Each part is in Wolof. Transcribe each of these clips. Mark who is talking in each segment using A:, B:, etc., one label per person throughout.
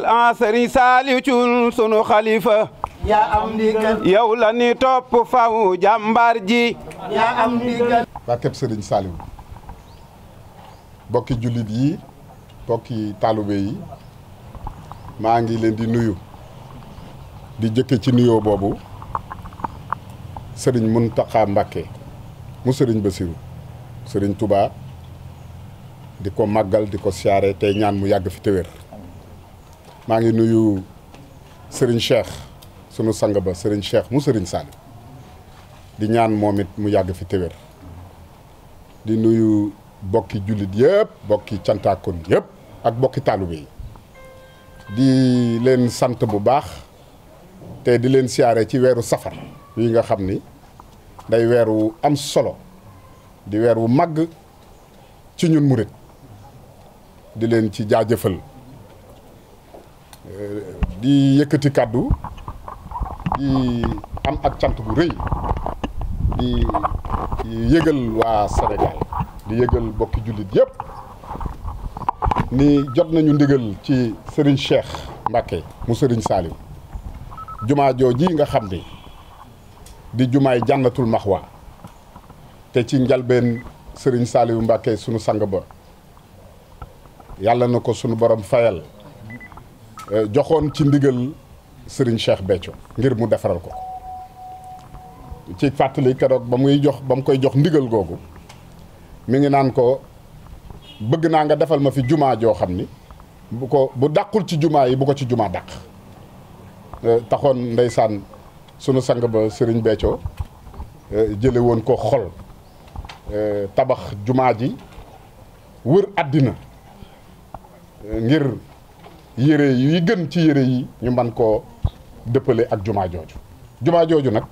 A: al ansari saaliw cun sunu xalifa yaa am ndigal topp faw jàmbaar ji yaa sëriñ saaliw bokki jullit yi bokki taalibe yi maa ngi leen di nuyu di jëkke ci nuyoo boobu sëriñ Muntaxa Mbàkke mu sëriñ Basiru sëriñ Tuubaa di ko màggal di ko siyaare te ñaan mu yàgg fi te maa ngi nuyu sëriñ Cheikh sunu sang ba Serigne Cheikh mu Serigne Saliou di ñaan moom it mu yàgg fi téwér di nuyu bokki jullit yëpp bokki cantaakon yëpp ak bokki taalibe yi di leen sant bu baax te di leen siyaare ci weeru safar yi nga xam ni day weer wu am solo di weer wu màgg ci ñun murit di leen ci jaajëfal di yëkkati kàddu di am ak cant bu rëy di yëgal waa Sénégal di yëgal bokki jullit yépp ni jot nañu ndigal ci Serigne Cheikh Mbacké mu Serigne Saliou jumaa jooji nga xam ni di jumaay jànnatul maxwa te ci njalbeen Serigne Saliou Mbacké sunu sang ba yàlla na ko sunu borom fayal Euh, joxoon ci ndigal sëriñ Cheikh Béthio ngir mu defaral ko ci fàttali keroog ba muy jox ba mu koy jox ndigal googu mu ngi naan ko bëgg naa nga defal ma fi jumaa joo xam ni bu ko bu dàqul ci jumaa yi bu ko ci jumaa dàq euh, taxoon ndeysaan sunu sang ba Serigne Béthio euh, jële woon ko xol tabax jumaa ji wër àddina ngir yére yi gën ci yére yi ñu mën koo dëppale ak jumaa jooju jumaa jooju nag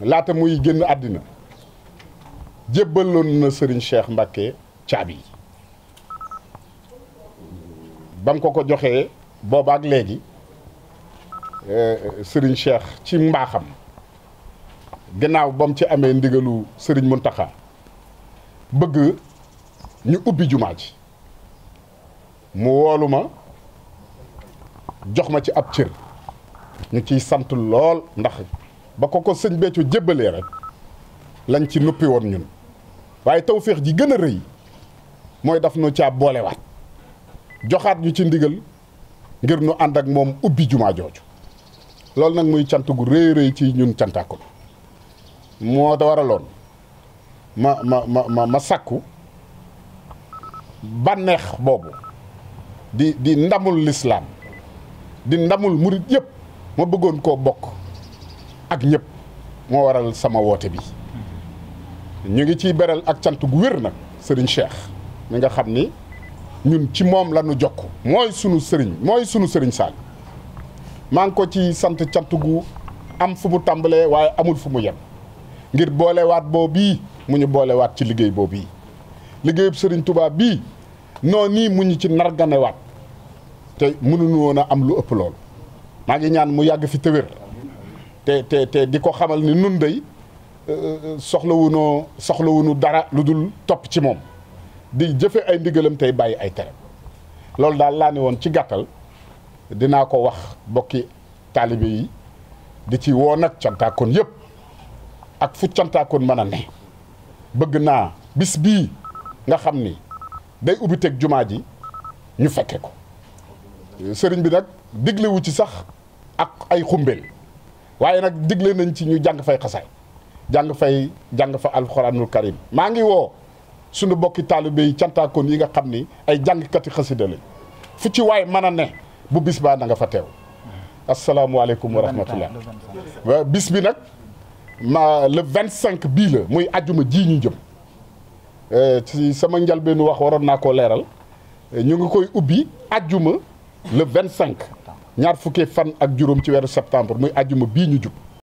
A: laata muy génn àddina jébbaloon na Serigne Cheikh Mbacké caabi yi ko ko joxee boobaak ak léegi eh, Serigne Cheikh ci mbaaxam gannaaw bam ci amee ndigalu Serigne Mountakha bëgg ñu ubbi jumaa ji mu wooluma jox ma ci ab cër ñu ciy sant lool ndax ba ko ko sëñ Béthio jébbalee rek lañ ci nuppi woon ñun waaye tawféex ji gën a rëy mooy daf nu caa boolewaat joxaat ñu ci ndigal ngir nu ànd ak moom ubbi jumaa jooju loolu nag muy cant gu rëy rëy ci ñun cantaaku moo da waraloon ma ma ma ma ma bànneex boobu di di ndamul lislaam di ndamul murit yëpp ma bëggoon koo bokk ak ñëpp moo waral sama woote bi ñu ngi ciy beral ak cant gu wér nag sëriñ Cheikh mi nga xam ni ñun ci moom la ñu jokk mooy sunu sëriñ mooy sunu sëriñ saan maa ngi ko ci sant cant gu am fu mu tàmbalee waaye amul fu mu yem ngir boolewaat boo bii mu ñu boolewaat ci liggéey boo bii liggéeyub sëriñ tubaab bii noonu nii mu ñu ci narganewaat te mënuñu woon a am lu ëpp lool maa ngi ñaan mu yàgg fi te wér te te te di ko xamal ni nun day euh, euh, soxlawunoo soxlawunu dara lu dul topp ci moom di jëfe ay ndigalam tey bàyyi ay tere loolu daal laa ne woon ci gàttal dinaa ko wax bokki taalibe yi di ci woo nag cantaakoon yëpp ak fu cantaakoon mën a ne bëgg naa bis bii nga xam ni day ubbi jumaa ji ñu fekke ko sëriñ bi nag diglewu ci sax ak ay xumbeel waaye nag digle nañ ci ñu jàng fay xasaay jàng fay jàng fa alxuraanul karim maa ngi woo suñu bokki taalibe yi cantaakoon yi nga xam ni ay jàngkati xasida lañ fu ci waay mën a ne bu bis baa na nga fa teew asalaamualeykum wa rahmatullah bis bi nag ma le vingt cinq bii muy ajuma ji ñu jëm eh, ci sama njëlbeenu wax waroon naa koo leeral eh, ñu ngi koy ubbi ajuma le vingt cinq ñaar fukki fan ak juróom ci weeru septembre muy àjjuma bii ñu jub